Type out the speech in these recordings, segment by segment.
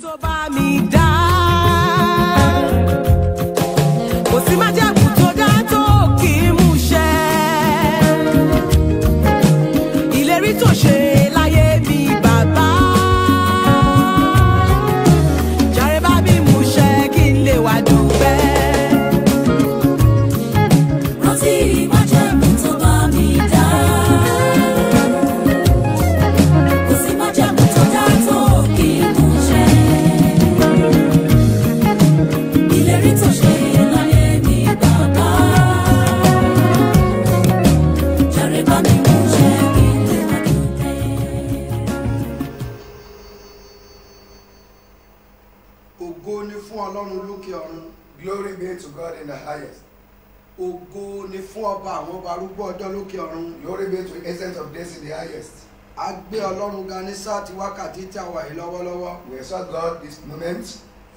to buy me down. àwọn ọba arúgbó ọjọ́ lókè ọ̀run. Glory be to essence of days in the highest. a gbé ọlọ́run ga ní sáà tí wákàtí tí a wà yìí lọ́wọ́lọ́wọ́. we exalt God this moment.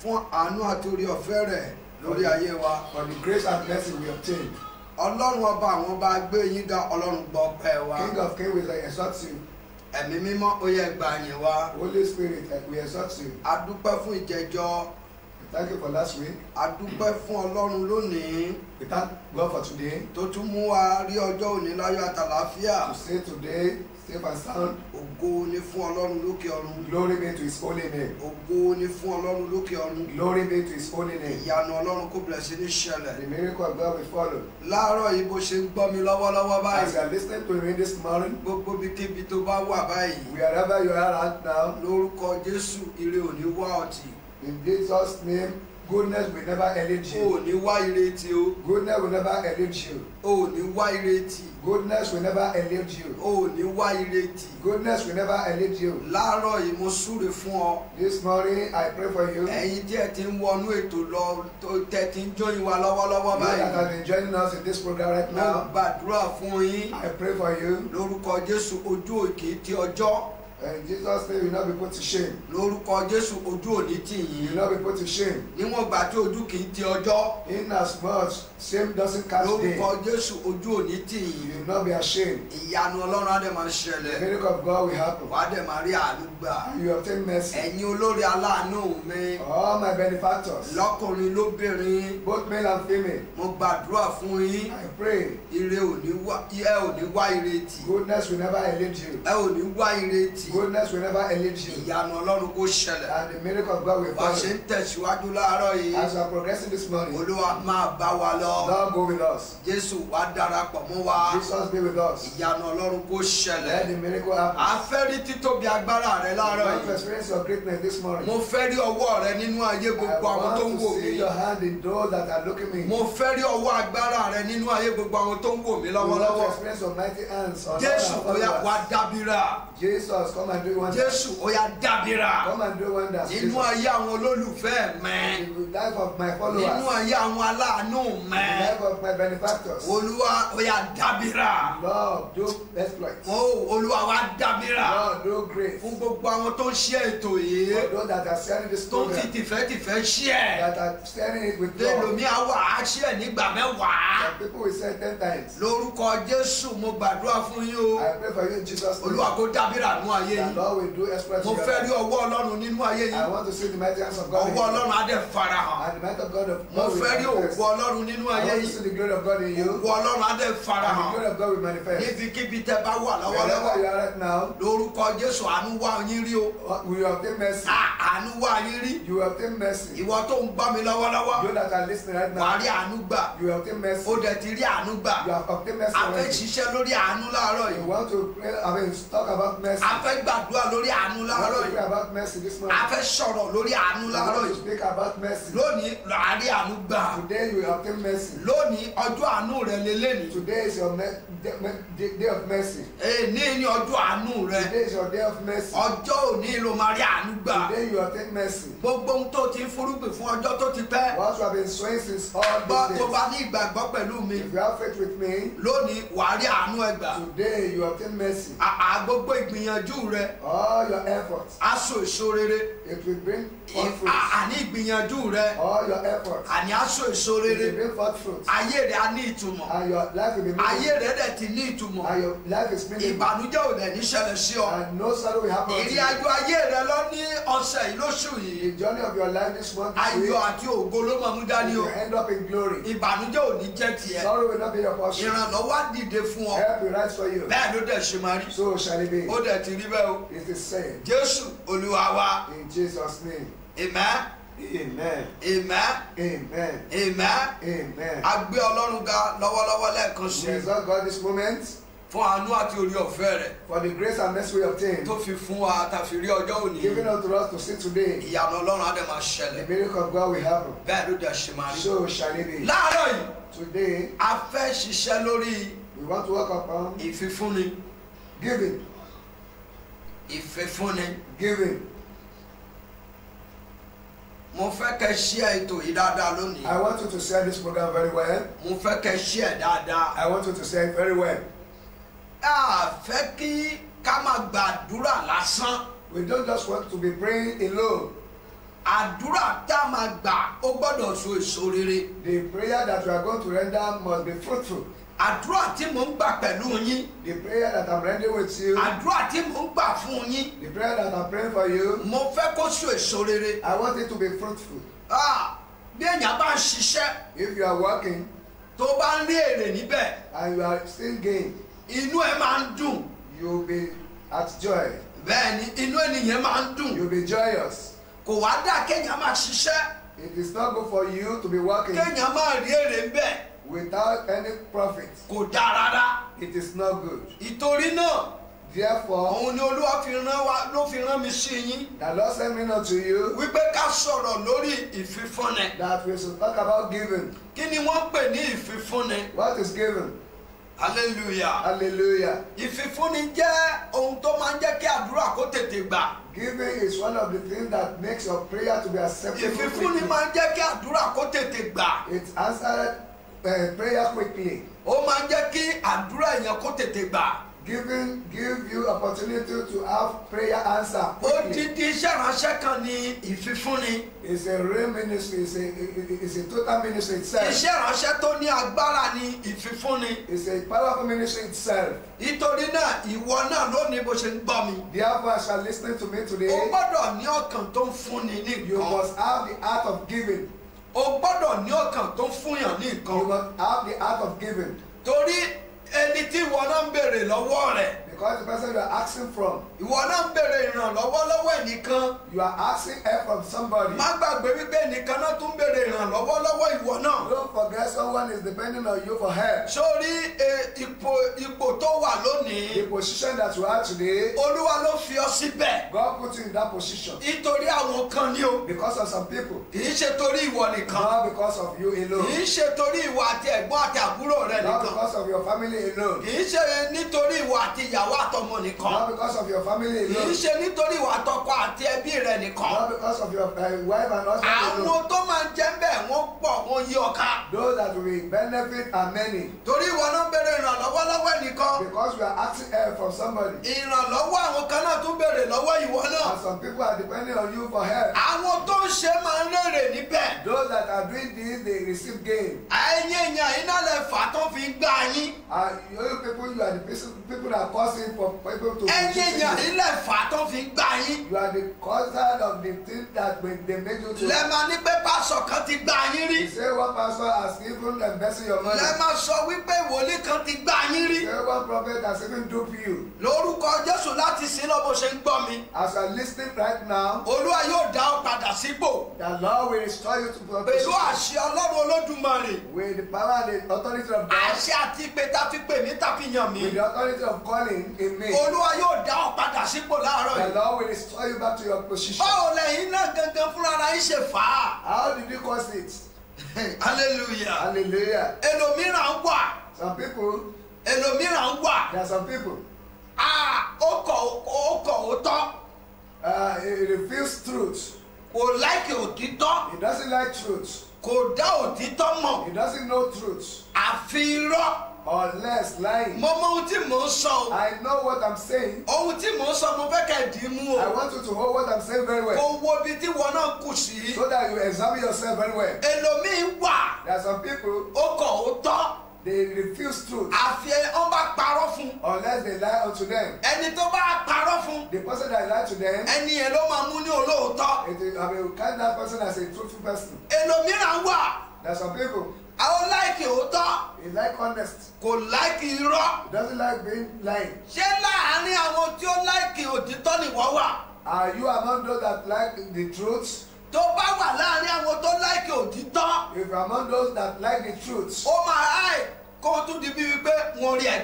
fún àánú àti orí ọ̀fẹ́ rẹ̀ lórí ayé wa. for the grace and blessing we obtain. ọlọ́run ọba àwọn ọba gbé yín ga ọlọ́run gbọ́ ọpẹ́ wa. king of kings we exalt you. ẹ̀mí mímọ́ ó yẹ gbàyìn wa. holy spirit we exalt you. a dúpẹ́ fún ìjẹjọ́ Thank you for last week. A dúpẹ́ fún Ọlọ́run lónìí. We thank God for today. Tó tún mú wa rí ọjọ́ òní láyọ̀ àtàlàáfíà. To say today safe and sound. Ògo ni fún Ọlọ́run lókè ọ̀run. Glory be to his holy name. Ògo ni fún Ọlọ́run lókè ọ̀run. Glory be to his holy name. Ìyanu Ọlọ́run kò bẹ̀rẹ̀ ní ṣẹlẹ̀. The miracle of God will follow. Láàárọ̀ yìí bó ṣe ń gbọ́ mi lọ́wọ́lọ́wọ́ báyìí. As you are listening to me this morning. Gbogbo bí kébi tó bá wà báyìí. Wherever you are at now. Lórúkọ Jésù ire òní wá ọtí in Jesus name goodness will never elude you. o ò ní wá ire tí o. goodness will never elude you. o ò ní wá ire tí. goodness will never elude you. o ò ní wá ire tí. goodness will never elude you. láàárọ̀ yìí mo súre fún ọ. this morning I pray for you. ẹ̀yin tí ẹ ti ń wọnú ètò lọ tẹ ti ń join wa lọ́wọ́lọ́wọ́ báyìí. you that have been joining us in this program right now. mo gbàdúrà fún yín. I pray for you. lórúkọ Jésù ojú òkè tí ọjọ́. And Jesus name will not be put to shame. Lórúkọ Jésù ojú ò ní tì yín. Will not be put to shame. Níwọ̀n ìgbà tí ojú kì í ti ọjọ́. In as much shame doesn't catch them. Lórúkọ Jésù ojú ò ní tì yín. You will not be ashamed. Ìyanu Ọlọ́run á dẹ̀ máa ṣẹlẹ̀. The miracle of God will happen. Wà á dẹ̀ máa rí àánú gbà. You obtain mercy. Ẹ̀yin olórí aláàánú mi. All my benefactors. Lọ́kùnrin lóbìnrin. Both male and female. Mo gbàdúrà fún yín. I pray. Ire ò ní wá ẹ ò ní wá ire tì. Goodness will never elude you. Ẹ ò ní wá ire tì. Goodness, will never elude you. ìyanu ọlọ́run kò ṣẹlẹ̀. and the miracle of God will follow. wàá ń tẹ̀síwájú láàárọ̀ yìí. as we are progressing this morning. olúwa máa bá wa lọ. Lord go with us. jésù wá darapọ̀ mọ́ wa. Jesus be with us. ìyanu ọlọ́run kò ṣẹlẹ̀. let the miracle happen. a fẹ́ rí títóbi agbára rẹ láàárọ̀ yìí. we want to experience your greatness this morning. mo fẹ́ rí ọwọ́ rẹ nínú ayé gbogbo àwọn tó ń wò mí. I want to see your hand in those that are looking me. mo fẹ́ rí ọwọ́ agbára rẹ nínú ayé gbogbo àwọn tó ń wò mí lọ́wọ́lọ́wọ́. we want to experience your mighty hands on our lives. jésù kò yá wá dábìrà. Jesus Come and do wonders. Jésù Oya dabira. Come and do wonders. Nínú ayé àwọn olólùfẹ́ mẹ́. In the life of my followers. Nínú ayé àwọn aláàánú mẹ́. the life of my benefactors. Olúwa oya dabira. dábìrà. Lord do exploits. Oh Olúwa wa dabira. Lord do grace. Fún gbogbo àwọn tó ń ṣe ètò yìí. For those that are sharing this program. Tó ti tìfẹ́tìfẹ́ ṣe. That are sharing it with God. Lèlòmí àwa á ṣe nígbà mẹ́wàá. That people will say ten times. Lórúkọ Jésù mo gbàdúrà fún yín o. I pray for you Jesus' name. Olúwa kó dábìrà nù ayé ayé yìí. mo fẹ́ rí ọwọ́ ọlọ́run nínú ayé yìí. ọwọ́ ọlọ́run á dẹ̀ farahàn. mo fẹ́ rí ògo ọlọ́run nínú ayé yìí. ògo ọlọ́run á dẹ̀ farahàn. níbikíbi tẹ bá wà lọ́wọ́lọ́wọ́. lórúkọ jésù àánú wá yín rí o. Uh, ah, àánú wá yín rí. ìwọ tó ń gbọ́ mi lọ́wọ́lọ́wọ́. wà á rí àánú gbà. o dẹ̀ ti rí àánú gbà. a fẹ́ ṣiṣẹ́ lórí àánú láàárọ̀ yìí. a fẹ́ fẹ́ gbàdúrà lórí àánú láàárọ̀ yìí a fẹ́ sọ̀rọ̀ lórí àánú láàárọ̀ yìí lónìí àárí àánú gbà lónìí ọjọ́ àánú rẹ lélẹ́ni. today is your ọjọ́ àánú rẹ. ọjọ́ òní ló máa rí àánú gbà. you obtain mercy. gbogbo ohun tó ti ń fúrúgbìn fún ọjọ́ tó ti pẹ́. what tó bá ní ìgbàgbọ́ pẹ̀lú mi. lónìí wàá rí àánú ẹgbà. àgbogbo ìgbìyànjú rẹ. all your efforts. á so èso rere. If we bring forth fruits, àní ìgbìyànjú rẹ. all your efforts. àní á so èso rere. it will bring forth fruit. ayé rẹ á ní ìtumọ̀. and your life will be meaningful. ayé rẹ dẹ̀ ti ní ìtumọ̀. and your life is meaningful. ìbànújẹ́ ò dẹ̀ ní ṣẹlẹ̀ sí ọ. and no sorrow will happen to you. ìrìn àjò ayé rẹ lọ ní ọ̀sẹ̀ yìí lóṣù yìí. the journey of your life this month is great. ayọ̀ àti ògo ló máa mú dání o. you end up in glory. ìbànújẹ́ ò ní jẹ́ tiẹ̀. sorrow will not be your portion. ìrànlọ́wọ́ á dìde fún ọ. help will rise for you. bẹ́ẹ̀ ló dẹ̀ ṣe máa rí. so shall it be. ó dẹ̀ ti rí b bẹ́ẹ̀ o. it is said. Jésù Olúwa in Jesus name. amen. Amen. Amen. Amen. Amen. Amen. A gbé Ọlọ́run ga lọ́wọ́lọ́wọ́ lẹ́ẹ̀kan sí. We exalt God this moment. Fún àánú àti orí ọ̀fẹ́ rẹ̀. For the grace and mercy we obtain. Tó fi fún wa ta fi rí ọjọ́ òní. Giving unto us to see today. Ìyànà Ọlọ́run á dẹ̀ máa ṣẹlẹ̀. The miracle of God will happen. Bẹ́ẹ̀ ló dẹ̀ ṣe máa rí. So shall it be. Láàárọ̀ yìí. Today. A fẹ́ ṣiṣẹ́ lórí. We want to work upon. Ìfifúnni. Giving ìfẹ́fúnni. giving. mo fẹ́ kẹ́ share ètò yìí dáadáa lónìí. I want you to say this program very well. mo fẹ́ kẹ́ share dáadáa. I want you to say it very well. a fẹ́ kí ká máa gbàdúrà lásán. we don't just want to be praying alone. àdúrà tá a máa gbà ó gbọ́dọ̀ so èso rere. the prayer that we are going to render must be fruitful àdúrà tí mò ń gbà pẹ̀lú yín. the prayer that i'm praying with you. àdúrà tí mò ń gbà fún yín. the prayer that i'm praying for you. mo fẹ́ kó so èso rere. i want it to be fruitful. ah bí èèyàn bá ń ṣiṣẹ́. if you are working. tó bá ń rí èrè níbẹ̀. and you are still gain. inú ẹ máa ń dùn. you be at joy. bẹ́ẹ̀ni inú ènìyàn máa ń dùn. you be joyous. kò wá dá kéèyàn máa ṣiṣẹ́. it is not good for you to be working. kéèyàn máa rí èrè ń bẹ̀ without any prophet. kò dáa rárá. it is not good. ìtorí náà. therefore. òun ni olúwa fi rán wa ló fi rán mi sí yín. the Lord sent me unto you. wípé ká sọ̀rọ̀ lórí ìfifúnni. that we should talk about giving. kí ni wọ́n pè ní ìfifúnni. what is giving? hallelujah. hallelujah. ìfifúnni jẹ́ ohun tó máa ń jẹ́ kí àdúrà kó tètè gbà. Giving is one of the things that makes your prayer to be accepted. Ìfifúnni máa ń jẹ́ kí àdúrà kó tètè gbà. It answered Eh, prayer quickly. ó máa ń jẹ́ kí àdúrà èèyàn kó tètè gbà. giving give you opportunity to have prayer answer. odidi iṣẹ́ ìránṣẹ́ kan ni ìfifúnni. it's a real ministry it's a it's a total ministry itself. iṣẹ́ ìránṣẹ́ tó ní agbára ni ìfifúnni. it's a powerful ministry itself. nítorí náà ìwọ náà lónìí bó ṣe ń gbọ́ mi. therefore as you are listening to me today. o gbọ́dọ̀ ní ọkàn tó ń fúnni ní nǹkan. you must have the heart of giving o gbọ́dọ̀ ní ọkàn tó ń fúnyàn ní nǹkan. you must have the heart of giving. torí ẹni tí ìwọ náà ń béèrè lọ́wọ́ rẹ̀ because the person you are asking from. ìwọ náà ń béèrè ìrànlọ́wọ́ lọ́wọ́ ẹnìkan. you are asking help from somebody. má gbàgbé wípé ẹnìkan náà tún béèrè ìrànlọ́wọ́ lọ́wọ́ ìwọ náà. don't forget someone is depending on you for help. sórí e, ipò ipò tó wà lónìí. the position that you are today. olúwa ló fi ọ síbẹ̀. God put you in that position. nítorí àwọn kan ni o. because of some people. kì í ṣe torí ìwọ nìkan. not because of you alone. kì í ṣe torí ìwọ àti ẹ̀gbọ́n àti àbúrò rẹ nìkan. not because of your family alone. kì í ṣe nítorí ìwọ àti ìyàwó ìyàwó àtọmọ nìkan. not because of your family alone. kì í ṣe nítorí ìwà àtọkọ àti ẹbí rẹ nìkan. not because of your uh, wife and husband alone. àwọn tó máa ń jẹ́ bẹ́ẹ̀ wọ́n pọ̀ wọ́n yí ọ̀ka. those that will benefit are many. torí ìwọ náà béèrè ìrànlọ́wọ́ lọ́wọ́ ẹnìkan. because we are asking help from somebody. ìrànlọ́wọ́ àwọn kan náà tún béèrè lọ́wọ́ ìwọ náà. and some people are depending on you for help. àwọn tó ń ṣe máa ń rèrè níbẹ̀. those that are doing this they receive gain. ẹ̀yin èèyàn iná lẹ fà tó fi gbà yín. and ah, you people you are the people that cause causing for people to. ẹ̀yin yàn yín fà tó fi gbà yín. you are the causer of the thing that when they make you do. lẹ́ máa ní pé pásọ̀ kan ti gbà yín rí. you say one pastor has given the blessing your money. lẹ́ máa sọ wípé wòlíì kan ti gbà yín rí. you say one prophet has even do for you. lórúkọ Jésù láti sin lọ bó ṣe ń gbọ́ mi. as you are listening right now. Olúwa yóò dá ọ padà sípò. the Lord will restore you to your position. pẹ̀lú àṣẹ Ọlọ́run Olódùmarè. with the power and the authority of God. àṣẹ àti ìpè tá a fi pè mí tá a fi yàn mí. with the authority of calling in, in me. Olúwa yóò dá ọ padà sípò láàárọ̀ yìí. The Lord will restore you back to your position. Báwo lẹ́yìn náà gangan fúnra yín ṣe fà á? How did you cause it? Hallelujah. Hallelujah. Ẹlòmíràn wà. Some people. Ẹlòmíràn wà. There are some people. Ah, ó kọ̀ ó kọ̀ ó Uh, he reveals truth. Kò láìkè òtítọ́. He doesn't like truth. Kò dá òtítọ́ mọ̀. He doesn't know truth. Àfi irọ́ unless lying. mo mọ ohun tí mò ń sọ o. I know what I'm saying. ohun tí mò ń sọ mo fẹ́ kẹ́ dì mú o. I want you to hold what I'm saying very well. kò wo tí wọn náà kù sí. so that you examine yourself very well. ẹlòmíì wà. there are some people. ó kọ̀ ó tọ́. they refuse truth. àfi ọ́n bá parọ́ fún. unless they lie unto them. ẹni tó bá parọ́ fún. the person that lie to them. ẹni yẹn ló máa mú ní olóòótọ́. it is I mean count that person as a truthful person. ẹlòmíràn wà. there are some people. I don't like láìkì òótọ́. he like honest. kò like irọ́. he doesn't like being lying. ṣé láàárín àwọn tí ó láìkì òtítọ́ nìwọ wà. are you among those that like the truth. tó bá wà láàárín àwọn tó láìkì òtítọ́. if you are among those that like the truth. ó máa háì kó tún di bíi pé wọn rí ẹ̀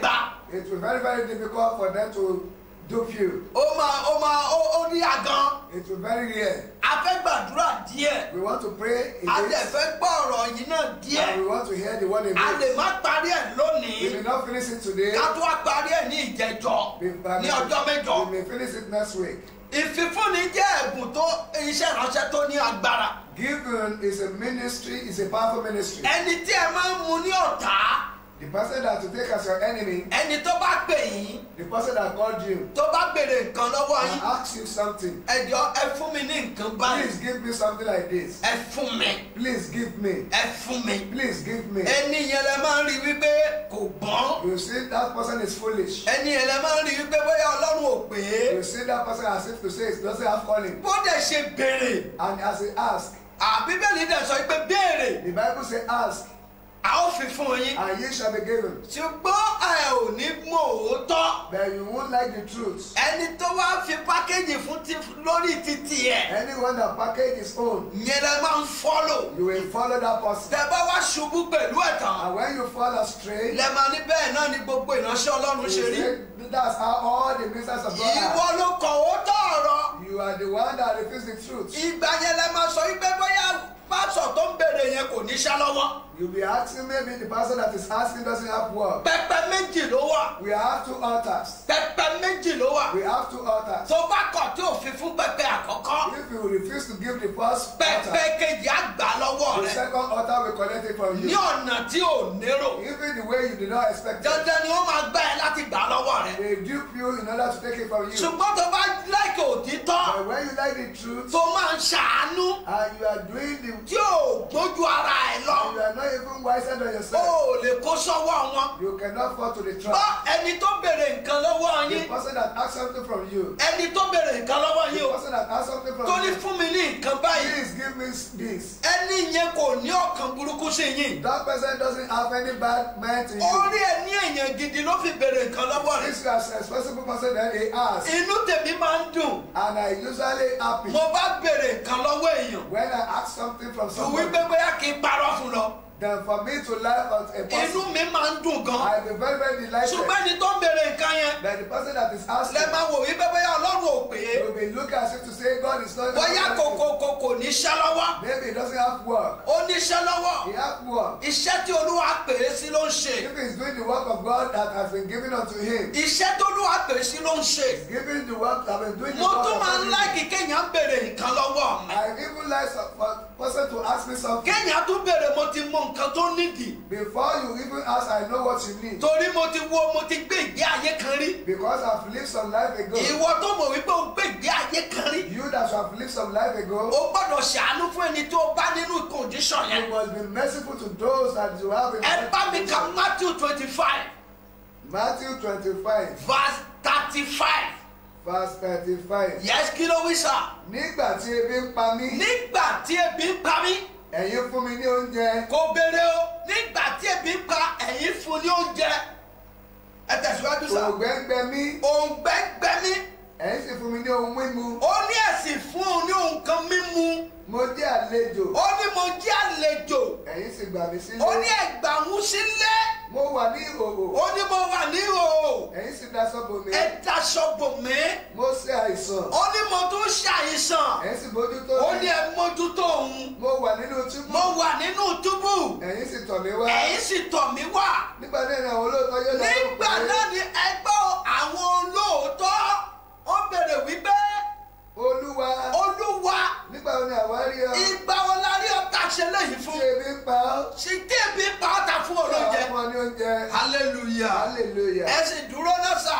it will be very very difficult for them to do few. ó máa ó máa ó ó níyà gan. it very rare. a fẹ́ gbàdúrà díẹ̀. we want to pray in this. a lè fẹ́ gbọ́ ọ̀rọ̀ yìí náà díẹ̀. and we want to hear the word in this. a lè má parí ẹ̀ lónìí. we may not finish it today. ká tó wá parí ẹ̀ ní ìjẹjọ. ní ọjọ́ mẹ́jọ. we may finish it next week. ìfifúnni jẹ́ ẹ̀bùn tó iṣẹ́ ìránṣẹ́ tó ní agbára. given is a ministry is a powerful ministry. ẹni tí ẹ máa ń mu ní ọ̀tá the person that you take as your enemy. ẹni tó bá pè yín. the person that called you. tó bá béèrè nǹkan lọ́wọ́ yín. and ask you something. ẹ jọ ẹ fún mi ní nǹkan báyìí. please give me something like this. ẹ fún mi. please give me. ẹ fún mi. please give me. ẹni yẹn lẹ máa ń rí wípé kò gbọ́n. you see that person is foolish. ẹni yẹn lẹ máa ń rí wípé bóyá ọlọ́run ò pè é. you see that person as if to say it doesn't have calling. bó dẹ̀ ṣe béèrè. and as he ask. àbíbélì dẹ̀ sọ pé béèrè. the bible say ask a ó fi fún yín. and ye shall be given. ṣùgbọ́n ẹ ò ní mọ òótọ́. but you won't like the truth. ẹni tó wá fi pákéjì fún ti lórí ti tiẹ̀. anyone that package his own. yẹn lẹ máa ń follow. you will follow that person. tẹ bá wá ṣubú pẹ̀lú ẹ̀tàn. and when you follow astray. lẹ máa ní bẹ́ẹ̀ náà ni gbogbo ìránṣẹ́ Ọlọ́run ṣe rí. that's how all the ministers of God are. ìwọ ló kọ̀ òótọ́ ọ̀rọ̀. you are the one that refuse the truth. ìgbà yẹn lẹ máa sọ wípé bóyá pásọ̀ tó ń béèrè yẹn kò ní sá lọ́wọ́. you be asking maybe the person that is asking doesn't have work. pẹpẹ méjì ló wà. we have two altars. pẹpẹ méjì ló wà. we have two altars. tó bá kọ̀ tí ò fi fún pẹpẹ àkọ́kọ́. if you refuse to give the first altar. pẹpẹ kejì á gbà lọ́wọ́ rẹ. the second altar will collect it from you. ní ọ̀nà tí ò nérò. even the way you did not expect it. dandan ni wọ́n máa gbá ẹ láti gbà lọ́wọ́ rẹ. they dupe you in order to take it from you. ṣùgbọ́n tó bá like òtítọ́. but when you like the truth. tó máa ń ṣàánú. and you are doing the tí o gbójú ara ẹ lọ. you are not even wiser than yourself. o lè kó sọ́wọ́ wọn. you cannot fall to the trap. ọ ẹni tó béèrè nǹkan lọ́wọ́ yín. the person that ask something from you. ẹni tó béèrè nǹkan lọ́wọ́ yín o. the person that ask something from you. torí fún mi ní nǹkan báyìí. please give me this. ẹni yẹn kò ní ọkàn burúkú sí yín. that person doesn't have any bad mind in you. orí ẹni èèyàn gidi ló fi béèrè nǹkan lọ́wọ́ rẹ̀. this is a responsible person that he ask. inú tèmi máa ń dùn. and I usually happy. mo bá béèrè nǹkan lọ́wọ́ èèyàn. when I ask something from somewhere. Ìwí pé bóyá kì í parọ́ fún lọ than for me to laugh at a person. inú mi máa ń dùn gan. I be very very delighted. ṣùgbọ́n ẹni tó ń béèrè nǹkan yẹn. but the person that is asking. lè máa wò wí pé bóyá ọlọ́run ò pè é. you be look at you to say God is not. bóyá kòkòkò kò ní iṣẹ́ lọ́wọ́. maybe he doesn't have work. ó ní iṣẹ́ lọ́wọ́. he have work. iṣẹ́ tí olúwa pè é sí ló ń ṣe. if he is doing the work of God that has been given unto him. iṣẹ́ tó olúwa pè é sí ló ń ṣe. giving the work that been doing the work of God. mo tún máa ń láìkí kéèyàn béèrè nǹkan lọ́wọ́ I even like for person to ask me something. kéèyàn tún béèrè mo ti mú nǹkan tó nídìí. before you even ask I know what you need. torí mo ti wo mo ti gbé ìgbé ayé kan rí. because I have lived some life ago. ìwọ tó mọ̀ wípé o gbé ìgbé ayé kan rí. you that have lived some life ago. o gbọ́dọ̀ ṣàánú fún ẹni tó bá nínú condition yẹn. you must be merciful to those that you have in mind. ẹ bá mi ka Matthew twenty-five. Matthew twenty-five. verse thirty-five verse thirty-five. yes kí ló wí sá. nígbà tí ebi ń pa mí. nígbà tí ebi ń pa mí ẹ̀yin fún mi ní oúnjẹ. kò béèrè o nígbà tí ebi ń pa ẹ̀yin fún ní oúnjẹ. ẹ tẹ̀síwájú sá. òǹgbẹ́ ń gbẹ mí. òǹgbẹ́ ń gbẹ mí ẹ̀ ń sì fún mi ní ohun mímu. ó ní ẹ̀sìn fún òun ní ohun kan mímu. mo jẹ́ àlejò. ó ní mo jẹ́ àlejò. ẹ̀yin sì gbà mí sílé. ó ní ẹ gbà mú sílé. mo wà ní ìhòòhò. ó ní mo wà ní ìhòòhò. ẹ̀yin sì daṣọ bò mí. ẹ daṣọ bò mí. mo ṣe àìsàn. ó ní mo tún ṣe àìsàn. ẹ̀yin sì mójútó mi. ó ní ẹ mójútó òun. mo wà nínú túbú. mo wà nínú túbú. ẹ̀yin sì tọ̀ mí wá. ẹ̀yin sì tọ̀ mí wá. nígbà náà ni àwọn olóòótọ́ yóò ó bèrè wípé. olúwa olúwa. nígbà wo ni àwa rí ọ. ìgbà wo la rí ọ ta ṣe léyìí fún. ṣé ebi pa ọ́. ṣé tí ebi pa ọ́ fún olóúnjẹ. ọmọ ní oúnjẹ. hallelujah hallelujah. ẹ sì dúró náà sà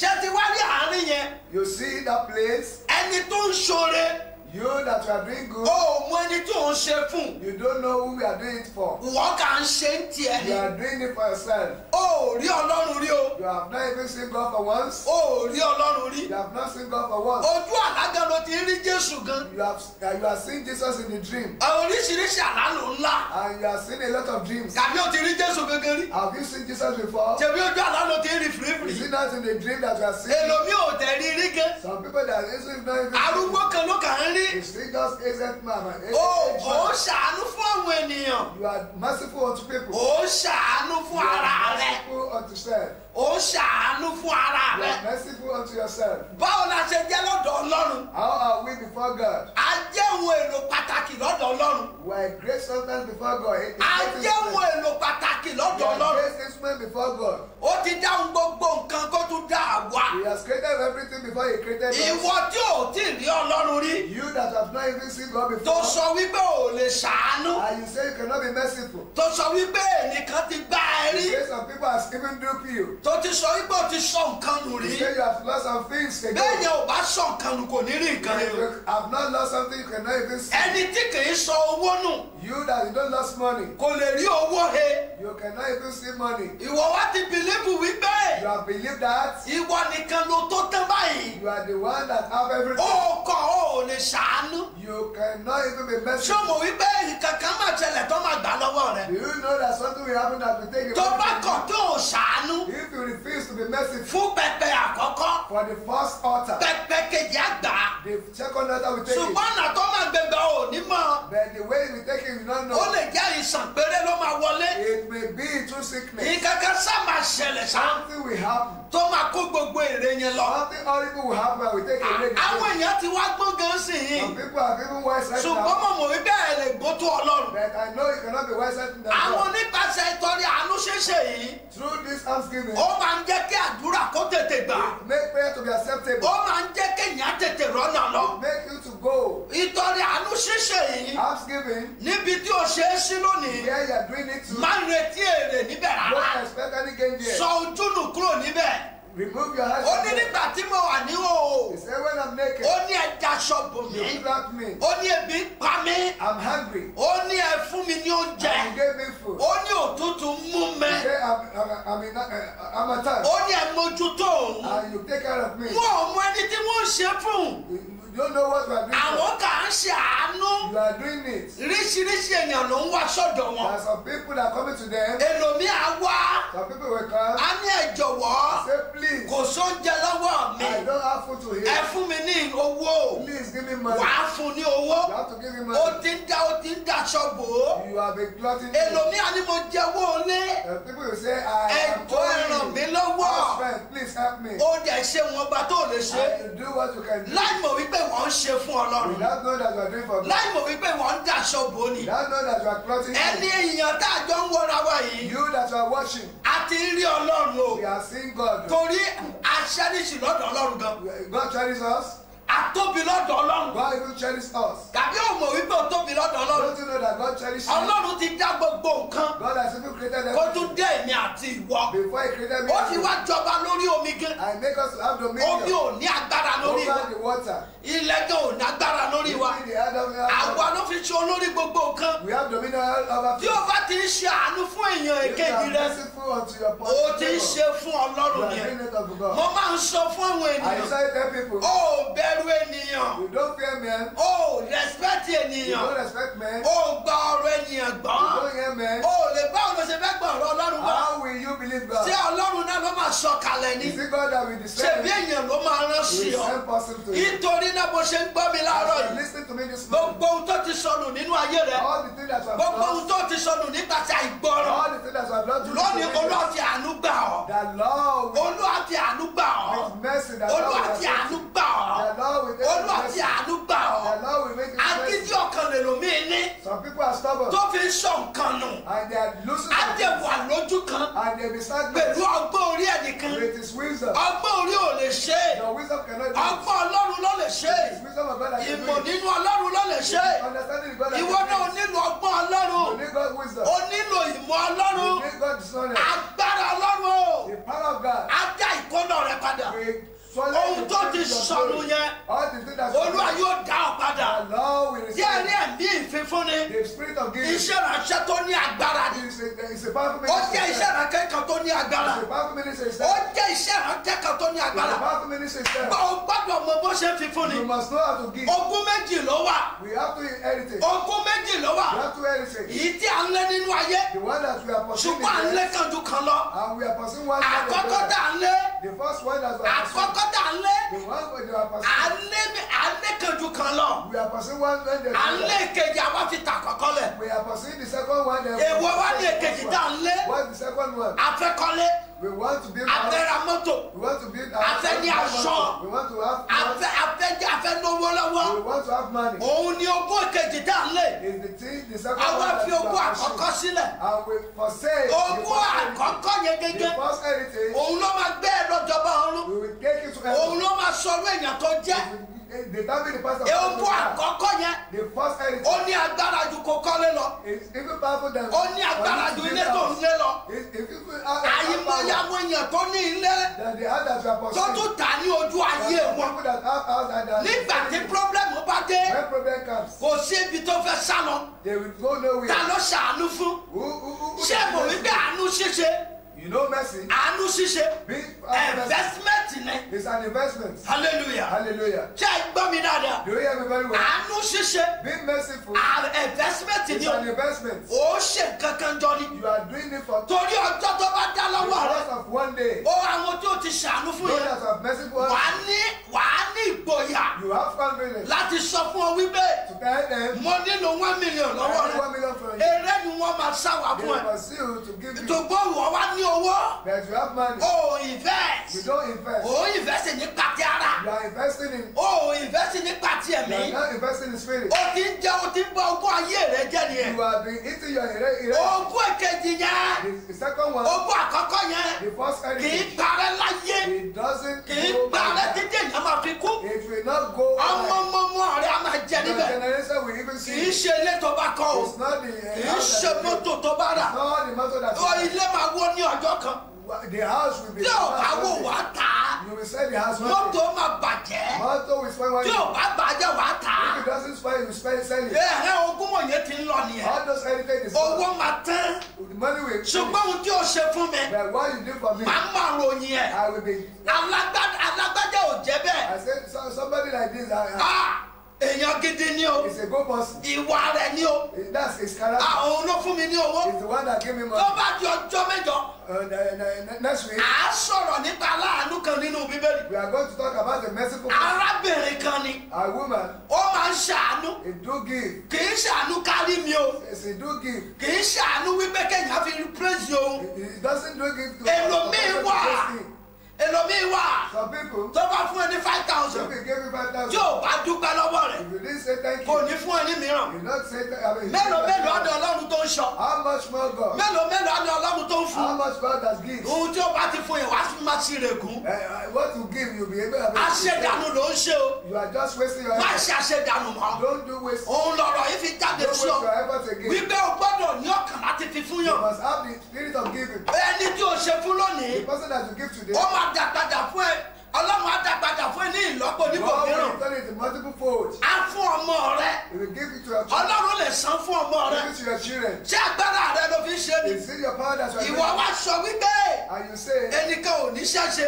ṣé ti wá ní àárín yẹn. you see that place. ẹni tó ń ṣoore. You that you are doing good. Oh, mọ ẹni tó ń ṣe fún. You don't know who we are doing it for. Wọ́n kà ń ṣe ń tiẹ̀. You are doing it for yourself. Oh, rí Ọlọ́run rí o. You have not even seen God for once. Oh, rí Ọlọ́run rí. You have not seen God for once. Ojú àlágà ló ti rí Jésù gan. You have uh, you are seeing Jesus in the dream. Oríṣiríṣi àlá ló ń lá. And you are seeing a lot of dreams. Tàbí o ti rí Jésù gangan rí. Have you seen Jesus before? Tẹ̀bí ojú àlá ló ti rí fìrífìrí. Is it not in the dream that you are seeing? Èlòmí ò tẹ̀ rí rí gan. Some people that are even not even. Arúgbó kan ló kà ń rí sí. oh, man. Ó oh, ṣàánú fún àwọn ènìyàn. You are merciful unto people. Ó oh, ṣàánú fún ara rẹ. You are merciful unto self ó ṣàánú fún ara rẹ. you are merciful unto yourself. báwo la ṣe jẹ́ lọ́dọ̀ ọlọ́run. how are we before God. a jẹ́ ohun èlò pàtàkì lọ́dọ̀ ọlọ́run. we are a great substance before God. a jẹ́ ohun èlò pàtàkì lọ́dọ̀ ọlọ́run. we are a great instrument before God. ó ti dá ohun gbogbo nǹkan kó tún dá àwa. he has created everything before he created us. ìwọ tí ò tí ì rí ọlọ́run rí. you that have not even seen God before. tó sọ wípé ò lè ṣàánú. and you say you cannot be merciful. tó sọ wípé ẹnìkan ti gbá ẹ rí. the grace of people has due duped you tó ti sọ wípé ti sọ nǹkan nù rí. you say you have lost some things. bẹ́ẹ̀ ni o bá sọ nǹkan nù kò ní rí nǹkan yẹn. you have not lost something you cannot even see. ẹni tí kì í sọ owó nù. you that you don't lost money. kò lè rí owó he. you cannot even see money. ìwọ wá ti believe wípé. you have believed that. ìwọ nìkan ló tó tán báyìí. you are the one that have everything. o kọ o ò lè ṣàánú. you cannot even be merciful. ṣé mo wí pé nǹkan máa ṣẹlẹ̀ tó máa gbà lọ́wọ́ rẹ. do you know that something will happen that will take you. tó bá kọ̀ tó ò ṣàánú. if you refuse to be merciful. fún pẹpẹ àkọ́kọ́. for the first altar. pẹpẹ kejì àgbà. the second altar will take it. ṣùgbọ́n ọ̀nà tó máa gbẹgbẹ ò ní mọ̀. but the way we take it we don't know. ó lè jẹ́ àìsàn péré ló máa wọlé. it may be through sickness. ìkankan sá ṣẹlẹ̀ sá. something will happen. tó máa kó gbogbo èrè yẹn lọ. something horrible will happen when we take it. break. Ah, àwọn èèyàn ti wá gbọ́n gan sí i. some people are even wise right now. ṣùgbọ́n mo mọ̀ wípé ẹ lè gbó tó Ọlọ́run. but I know you cannot be wise right now. àwọn onípasẹ̀ ìtọ́rí àánú ṣẹ̀ṣẹ̀ yìí. through this thanksgiving ó máa ń jẹ́ kí àdúrà kó tètè gbà. make prayer to be acceptable. ó máa ń jẹ́ kéèyàn tètè rọ́nà lọ. make you to go. ìtọ́rẹ àánú ṣíṣe yìí. thanksgiving. níbi tí o ṣe é sí lónìí. where you are doing it to. má retí èrè níbẹ̀ rárá. don't expect any gain there. sọ ojú nù kúrò níbẹ̀ remove your eyes. ó ní nígbà tí mo wà ní òòrùn. he said when I'm naked. ó ní ẹ daṣọ bò mí. you wrap me. ó ní ebi ń pa mí. I'm hungry. ó ní ẹ fún mi ní oúnjẹ. and he gave me food. ó ní òtútù mú mi. he said I'm I'm I'm uh, I'm a time. ó ní ẹ mójútó òun. and you take care of me. wọn ò ẹni tí wọn ṣe fún you know what you are doing. àwọn kan ń ṣe àánú. you are doing it. ríṣiríṣi èèyàn ló ń wá sọ́dọ̀ wọn. there are some people that coming to them. èlòmí á wá. some people will come. a ní ẹ jọ̀wọ́. say please. kò sóúnjẹ lọ́wọ́ mi. I don't have food to eat. ẹ fún mi ní owó. please give me money. wàá fún ní owó. you have to give me money. o ti ń da o ti ń daṣọ bò. you have been glutton. èlòmí á ní mo jẹ owó lé. people will say I ó dẹ̀ ṣe wọn bá tó lè ṣe. láì mọ̀ wípé wọ́n ń ṣe fún ọlọ́run. láì mọ̀ wípé wọ́n ń daṣọ bò ní. ẹni èèyàn tá a jọ ń wọra wa yìí. a ti ń rí ọlọ́run o. torí a ṣẹ́ríṣì lọ́dọ̀ ọlọ́run gan. God cherish us a tóbi lọ́dọ̀ ọlọ́run. God even cherish us. tàbí o mọ̀ wípé o tóbi lọ́dọ̀ ọlọ́run. don't you know that God cherish you. ọlọ́run ti dá gbogbo nǹkan. God has even created everything. kó tún dé èmi àti ìwọ. before he created me. ó ti wá jọba lórí omi gan. I make us to have dominion. omi ò ní agbára lórí wa. over the water. ilẹ̀ gan ò ní agbára lórí wa. we need the head of the house. àwa ló fi ṣe olórí gbogbo nǹkan. we have dominion over things. tí o bá ti ń ṣe àánú fún èèyàn èkejì rẹ. o ti ń ṣe fún ọlọ́run yẹn. mo bẹ̀rù ènìyàn. you don't fear men. oh, respect ènìyàn. you don't respect men. oh, gba ọ̀rọ̀ ènìyàn gbọ́. it God? ṣé ọlọ́run náà ló máa sọ kalẹ̀ ni. is it God that will destroy me? ṣebí èèyàn ló máa rán sí ọ. we send person to you. nítorí náà bó ṣe ń gbọ́ mi láàárọ̀ yìí. lis ten to me this morning. gbogbo ohun tó ti sọnù nínú ayé rẹ. all the things that you have lost. gbogbo ohun tó ti sọnù nípasẹ̀ àìgbọràn. all the things that you to. lost. lónìí olúwa fi àánú gbà ọ́. the Lord will. olúwa fi àánú gbà ọ́. with mercy that Lord has. olúwa fi àánú gbà ọ́. the Lord will mercy. olúwa fi àánú gbà ọ́. the Lord will make you mercy. akíndí ọkàn lè lómi ní. some people are stubborn. tó fi ń sọ nǹkan and they losing their peace. á pẹ̀lú ọgbọ́n orí ẹ̀ nìkan ọgbọ́n orí ò lè ṣe ọgbọ́n ọlọ́run ló lè ṣe ìmọ̀ nínú ọlọ́run ló lè ṣe ìwọ náà nílò ọgbọ́n ọlọ́run o nílò ìmọ̀ ọlọ́run agbára ọlọ́run ajá ìkóná rẹ padà ohun tó ti sọnù yẹn olúwa yóò dá ọ fúnni. the spirit of giving. iṣẹ́ ìránṣẹ́ tó ní agbára ni. a powerful ministry. ó jẹ́ iṣẹ́ ìránṣẹ́ kan tó ní agbára. a powerful ministry. ó jẹ́ iṣẹ́ ìránṣẹ́ kan tó ní agbára. it's a powerful ministry. o gbọ́dọ̀ mọ bó ṣe fi fúnni. you must know how to give. ogún méjì ló wà. we have to inherit it. ogún méjì ló wà. we have to inherit it. èyí tí a nínú ayé. the one that we are pursuing. ṣùgbọ́n à ń lé kan ju kan lọ. and we are pursuing one. àkọ́kọ́ tá à ń lé. the first one that we are pursuing. àkọ́kọ́ tá à the one that we are pursuing. à ń lé kan ju kan lọ. we are pursuing one. à ń lé kejì àwọn wọ́n ti tà kọ́kọ́ we are pursuing the second one. èwo wá ní èkejì dá lé. what the second one. afẹ́kọ́lé. we want to build our afẹ́ra mọ́tò. we want to build our afẹ́ ní aṣọ. we want to have money. afẹ́ afẹ́ afẹ́ lówó lọ́wọ́. we want to have money. òun ni ogún èkejì dá lé. is the thing the second one. àwa fi ogún àkọ́kọ́ sílẹ̀. and we forsake. ogún àkọ́kọ́ yẹn gẹ́gẹ́. the first heritage. òun ló máa gbé ẹ lọ́jọ́ bá ọ̀run. we will take it to heaven. òun ló máa sọ ọ̀rọ̀ the bible the first of all. yẹn. the first heritage. ó ní agbára ju kó kọ́lé lọ. is even powerful than. ó ní agbára ju ilé tó ń lé lọ. is even. àyìnbóyá àwọn èèyàn tó ní ilé. than the house that you are pursuing. tó tún tà ní ojú ayé wọn. the people that have house and that. nígbà tí problem bá dé. when problem comes. kò sí ibi tó fẹ́ sá lọ. they will go nowhere. ta ló ṣàánú fún. who who ṣé mo wí pé àánú ṣíṣe. You know mercy. Àánú ṣíṣe. Bí investment ni. It's an investment. Hallelujah. Hallelujah. Ṣé ẹ gbọ́ mi dáadáa? Do you hear me very well? Àánú ṣíṣe. Be merciful. Our investment ni o. It's an investment. O ṣe kankan jọ ni. You are doing it for. Torí ọjọ́ tó bá dá lọ́wọ́ rẹ̀. Because of one day. O àwọn tí o ti ṣàánú fún yẹn. Those that have mercy for us. Wàá ní wàá ní ìgboyà. You have confidence. Láti sọ fún ọ wípé. To tell them. Mo nílò one million lọ́wọ́ rẹ̀. I need one million for you. Èrè ni wọ́n máa ṣàwà fún ẹ. They pursue to give you. Tògbó wọ̀ wá ní o. show There's you have money. oh, invest. You don't invest. oh, invest in ti ara. You are investing in. oh, invest in ti ẹ̀mí. You are not investing in spirit. O ti ń jẹ o ti ń bọ ogún ayé rẹ jẹ nìyẹn. You have been eating your ire ire. Ogún èkejì yẹn. The second one. Ogún àkọ́kọ́ yẹn. The first enemy. Kì í parẹ́ It doesn't go. Kì í parẹ́ títí èèyàn máa fi It will not go. I'm ọmọ ọmọ rẹ̀ á máa jẹ níbẹ̀. generation will even see. Kì í ṣe ilé It's not the. Kì í ṣe mọ́tò It's not the mọ́tò that. Ilé máa wó ní ọjọ́ kan the house will be. tí o bá wò you will sell the house. mọ́tò máa bàjẹ́. mọ́tò will spoil one day. tí o bá bàjẹ́ if it doesn't spoil you spoil sell it. ẹ̀rẹ́ ogún wọ̀nyẹn ti ń lọ nìyẹn. all those heritage is. owó máa tán. the money will. ṣùgbọ́n ohun tí o ṣe fún mi. but what you do for me. màá máa ròyìn ẹ̀. I will be. alágbájá ò jẹ́ bẹ́ẹ̀. I say somebody like this. ah èèyàn gidi ni o. is a good person. ìwà rẹ̀ ni o. that's his character. àwọn ah, ló fún mi ní owó. is the one that gave me money. ló bá di ọjọ́ mẹ́jọ. Uh, next week. à á sọ̀rọ̀ nípa aláàánú kan nínú bíbélì. we are going to talk about the merciful person. arábìnrin kan ni. a woman. ó máa ń ṣàánú. he do give. kì í ṣàánú kárí mi o. he do give. kì í ṣàánú wípé kéèyàn fi praise you. he doesn't do give to. èlòmíì wà. Some people tó bá fún ẹ ní five thousand you tí o bá dúpẹ́ lọ́wọ́ rẹ̀ kò ní fún ẹ ní mìíràn mélòó mélòó adé ọlọ́run tó ń sọ mélòó mélòó adé ọlọ́run tó ń fún ohun tí o bá ti fún yẹn wá fún máa ṣe rẹ̀gùn eh, eh, aṣèdànù ló ń ṣe o má ṣe aṣèdànù mọ́ òun lọ̀rọ̀ yìí fi jáde sí ọ wípé o gbọ́dọ̀ ní ọkàn láti fi fún yàn ẹni tí o ṣe fún lónìí ó má á dá padà fún ẹ ọlọ́run á dá padà fún ẹ ní ìlọ́po níbo mìíràn á fún ọmọ rẹ ọlọ́run lè san fún ọmọ rẹ ṣé agbára rẹ ló fi ń ṣe ni ìwọ wá sọ wípé ẹnìkan ò ní ṣẹ́ṣe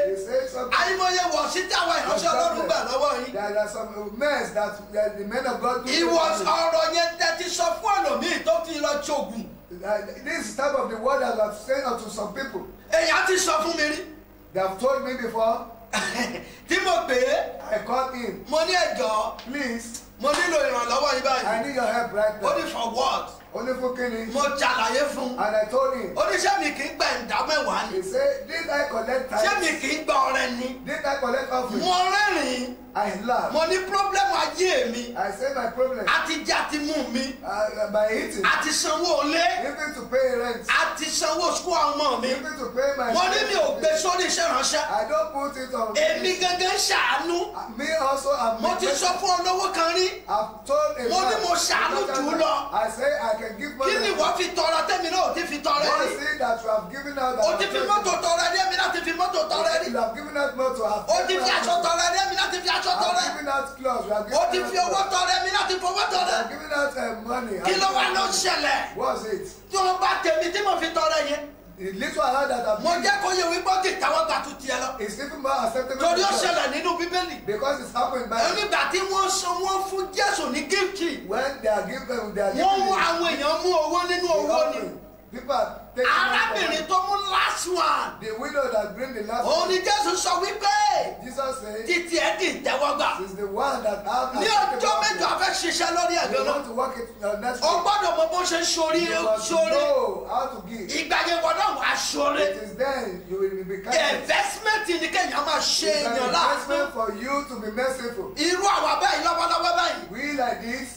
àìmọye wọ̀ sí táwọn ìránṣẹ́ ọlọ́run gbà lọ́wọ́ yìí ìwọ ọ̀rọ̀ yẹn tẹ́tí sọ fún ọ̀nà míì tó fi lọ jogun. this is type of the word that I have said unto some people. èyí á ti sọ fún mi rí. They have told me before. Tí mo pè I called him. Money ní ẹ̀jọ̀. Please. Money no ìrànlọ́wọ́ yín báyìí. I need your help right now. Ó for what? ó ní fún kíni. mo ṣàlàyé fún. and I told him. oníṣẹ́ mi kì í gba ìdá ni. he said did I collect tithe. ṣé mi kì í gba ọrẹ ni. did I collect offering. mo rẹ́rìn-ín. I laugh. mo ní problem ayé mi. I say my problem. Ati jẹ àti mú mi. Uh, uh, by eating. Ati sanwó ilé. even to pay rent. Ati sanwó school ọmọ mi. even to pay my. mo ní mi ò gbé sórí iṣẹ́ ránṣẹ́. I don't put it on. èmi gangan ṣàánú. Uh, me also am. mo ti sọ fún olówó kan rí. I told a man. mo ní mo ṣàánú jù I say I can give money. kí ni wọ́n fi tọrọ tẹ́mi náà ò ti fi tọrọ rí. one thing that you have given out. o ti fi mọ́tò tọrọ rí èmi náà ti fi mọ́tò tọrọ rí. you have given out motor. o ti fi aṣọ tọrọ rí èmi náà ti fi aṣọ tọrọ rí. you have given out clothes. Eh, you have given out. o ti fi owó tọrọ èmi náà ti fi owó tọrọ. you have given out money. kí ló wá ló ṣẹlẹ̀. what's it. tí wọ́n bá tèmi tí mo fi tọrọ yẹn little I mo jẹ́ kó yẹ wípé ó ti tàwọn gbà tu lọ. it's even more acceptable. torí ó ṣẹlẹ̀ nínú bíbélì. because it's happened by. onígbà tí wọ́n sọ wọ́n fún Jésù ní gift. when they are given their gift. wọ́n mú àwọn èèyàn mú owó nínú owó ni. People take Arábìnrin tó mú last one. The widow that bring the last one. Òun ni Jésù sọ wípé. Jesus said. Títí ẹ di ìtẹ́wọ́gbà. She is the one that have a. Ní ọjọ́ mẹ́jọ a fẹ́ ṣiṣẹ́ lórí ẹ̀gbẹ́ náà. We want to work it uh, next week. O gbọ́dọ̀ mọ bó ṣe ṣorí. You must know how to give. Ìgbà yẹn wọ́n náà wá ṣorí. It is then you will be kind. The investment ni kéèyàn máa ṣe èèyàn láàánú. It's an investment for you to be merciful. Irú àwa báyìí lọ́wọ́lọ́wọ́ báyìí. We like this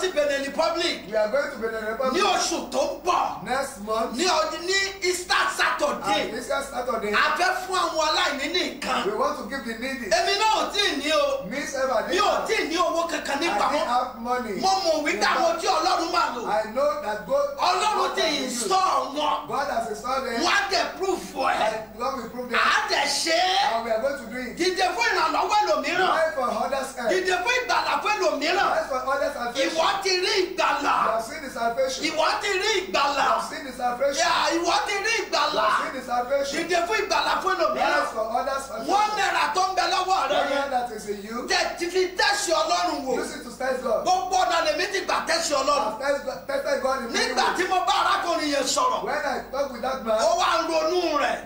sí Benin Republic. we are going to Benin Republic. ní oṣù tó ń bọ̀. next month. ní ọdún ní Easter Saturday. at ah, Easter Saturday. a fẹ́ fún àwọn aláìní ní we want to give the needy. èmi náà ò tí ì ní o. miss eva ní. mi ò tí ì ní owó kankan nípa wọn. I didn't have money. mo mọ̀ wípé àwọn tí Ọlọ́run máa lò. I know that God. Ọlọ́run ti install wọn. God has installed them. wọ́n á dẹ̀ proof for ẹ. and God will prove them. a dẹ̀ ṣe é. and we are going to do it. dìde fún ìrànlọ́wọ́ ẹlòmíràn. pray for others. dìde fún ìgbàlà fún ẹlòmíràn. pray for others and friends. Ìwọ ti rí ìgbàlà. You the salvation. Ìwọ ti rí ìgbàlà. You the salvation. Yeah, ìwọ ti rí ìgbàlà. You the salvation. Dìde fún ìgbàlà fún ẹlòmíràn. Yes, for others. Wọ́n náírà tó ń bẹ lọ́wọ́ rẹ̀. that is in you. Tẹ̀tí fi tẹ̀sí Ọlọ́run wò. to test God. Gbogbo ọ̀nà lèmi ti gbà tẹ̀sí Ọlọ́run. Nígbà tí mo bá arákùnrin yẹn sọ̀rọ̀. When I talk with that man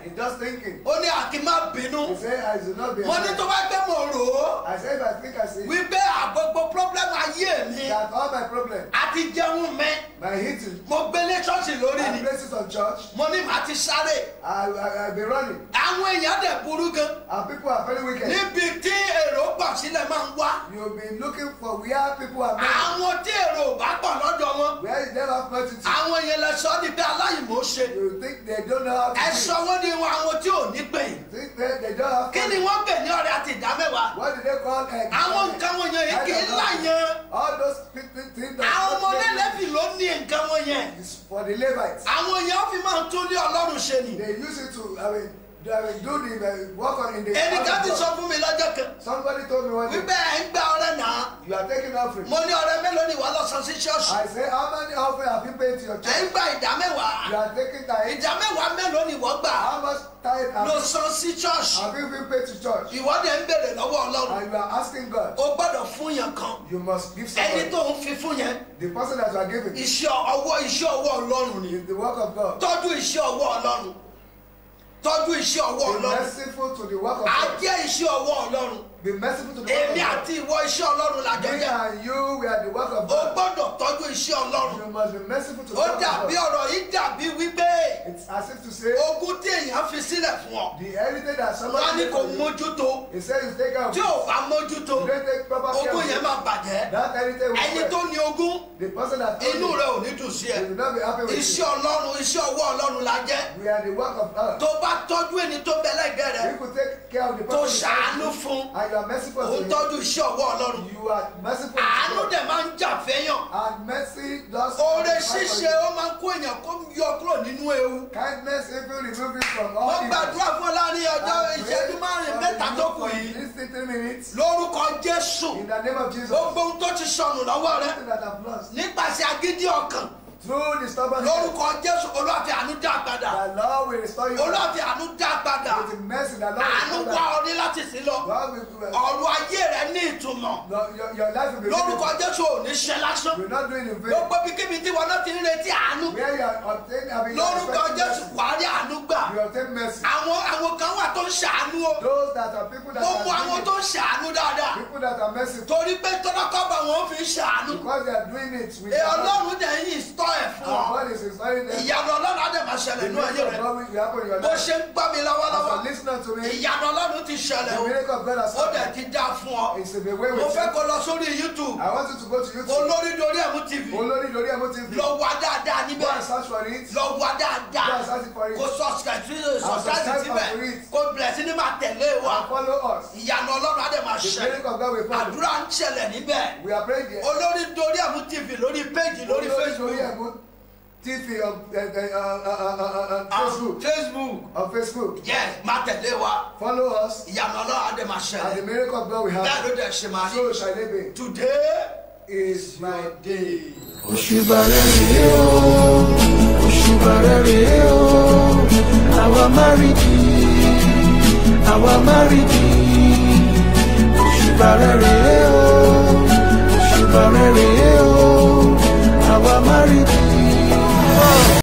he just thinking. ó ní àkí má bínú. he say I should not be. mo ní tó bá gbé mo rò ó. I say if I think I see. wípé àgbogbo problem ayé mi. that all my problem. àti jẹun mi. my heating. mo gbélé ṣọ́ọ̀ṣì lórí ni. I places of church. mo ní màá ti sáré. I I I be running. àwọn èèyàn dẹ̀ burú gan. our people are very wicked. níbi tí èrò pọ̀ sílẹ̀ máa ń wá. you be looking for where people are many. àwọn tí èrò bá pọ̀ lọ́dọ̀ wọn. where is there not much to àwọn yẹn lè sọ ọ́ níbi aláìmọ̀ọ́ṣe. you think they don't know how to do it. ẹ sọ wọ́n ní ni wọn àwọn tí ò ní gbẹ̀yìn. kí ni wọ́n pè ní ọrẹ àti ìdámẹ́wàá. àwọn nǹkan wọn yẹn yìí kì í là yẹn. àwọn ọmọ lẹ́lẹ́bì ló ní nǹkan wọn yẹn. àwọn yẹn ó fi máa tún ní ọlọ́run ṣe ni. they use it to I mean, ẹnì kan ti sọ fún mi lọ́jọ́ kan. somebody told me one day. wípé ẹ̀ ń gba ọrẹ náà. you are taking offering. mo ní ọrẹ mélòó ni ìwà lọ san sí ṣọ́ọ̀ṣì. I say how many offering have you paid to your church. ẹ̀ ń gba ìdá mẹ́wàá. you are taking time. ìdá mẹ́wàá mélòó ni ìwọ gbà. how much time have you. lọ san sí ṣọ́ọ̀ṣì. have you been paid to church. ìwọ ni ẹ̀ ń béèrè lọ́wọ́ Ọlọ́run. and you are asking God. o gbọ́dọ̀ fún yàn kan. you must give somebody. ẹni tó ń fi fún yẹn. the person that you are giving. iṣẹ́ ọwọ́ iṣẹ́ ọwọ́ Ọlọ́run ni. is the work of God. tọ́jú iṣẹ́ ọwọ́ Ọlọ́run tọ́jú iṣẹ́ ọwọ́ Ọlọ́run. be merciful to the work of God. a jẹ́ iṣẹ́ ọwọ́ Ọlọ́run be merciful to the work of èmi àti ìwọ iṣẹ́ Ọlọ́run la jọ jẹ́. me and you we are the work of God. o gbọ́dọ̀ tọ́jú iṣẹ́ Ọlọ́run. you must be merciful to the work of God. ó dàbí ọ̀rọ̀ yìí dàbí wípé. it's as if to say. ogún tí èèyàn fi sílẹ̀ fún ọ. the everything that somebody. wọ́n ní kò mójútó. he said you take care of. tí o bá mójútó. you don't take proper care of. ogún yẹn máa bàjẹ́. that heritage will fail. ẹni tó ní ogún. the person that told it. inú rẹ ò ní dùn sí ẹ. you will not be happy with it. iṣẹ́ Ọlọ́run iṣẹ́ ọwọ́ Ọlọ́run la jẹ́. we are the work of God. tó bá tọ́jú ẹni tó bẹ̀lẹ́gẹ̀ rẹ. we could take care of the person. tó ṣàánú fún. and you are merciful as a man. ó tọ́jú iṣẹ́ ọwọ́ Ọlọ́run. you are merciful as a man. àánú dẹ̀ máa ń jà fẹ́yàn. and mercy does. oore ṣíṣe ó máa ń kó èèyàn kó yọ kúrò nínú ewu. kindness even remove you from all evil. wọ́n gbàdúrà fún láàrin ọjọ́ ìṣẹ́jú márùn-ún mẹ́ta tó kù yìí. these three minutes. lórúkọ Jésù. in the name of Jesus. gbogbo ohun tó ti sọnù lọ́wọ́ rẹ. nípasẹ̀ agídí ọkàn through disturbance. lórúkọ jésù olóòtí àánú dá padà. the Lord will restore you. olóòtí àánú dá padà. it is mercy the Lord will restore you. àánú wá orí láti sí lọ. ọ̀rọ̀ ayé rẹ ní ìtumọ̀. your life will be beautiful. lórúkọ jésù ò ní ṣe lásán. you no do it in vain. gbogbo ibikíbi tí wọn náà ti ń retí àánú. where you obtain abiyah. lórúkọ jésù wà á rí àánú gbà. you obtain mercy. àwọn àwọn kan wà tó ń ṣàánú o. those that are people that are. gbogbo àwọn tó ń ṣàánú dáadáa. people that are merciful. torí pé tọ́lọ́kọ́ bá wọn fi ṣàánú. because they are doing it with. ọlọ́run dẹ̀ ń yìn stọ́ọ̀ ẹ̀ fún ọ ìyanu ọlọ́run á dẹ̀ máa ṣẹlẹ̀ ní ayé rẹ bó ṣe ń gbá mi lọ́wọ́lọ́wọ́ ìyanu ọlọ́run ti ṣẹlẹ̀ ó dẹ̀ ti dá fún ọ mo fẹ́ kó lọ sórí youtube olórí dorí ẹ̀mú tv lọ wá dáadáa níbẹ̀ lọ wá dáadáa kó subscribe síbẹ̀ kó bẹ̀rẹ̀ sí ni tẹ̀lé wa ìyanu ọlọ́run á dẹ̀ máa ṣẹlẹ̀ àdúrà ń ṣẹlẹ̀ níbẹ̀ olórí dorí ẹ̀mú tv lórí péjì lórí facebook ẹ̀bùn tí fi Facebook. Facebook. on Facebook. yes máa follow us. ìyànà ọlọ́run and the miracle of God we have. bẹ́ẹ̀ ló dẹ̀ so shall it be. today is my day. òṣùbà o òṣùbà o àwa máa rí kì í o òṣùbà o. our marriage.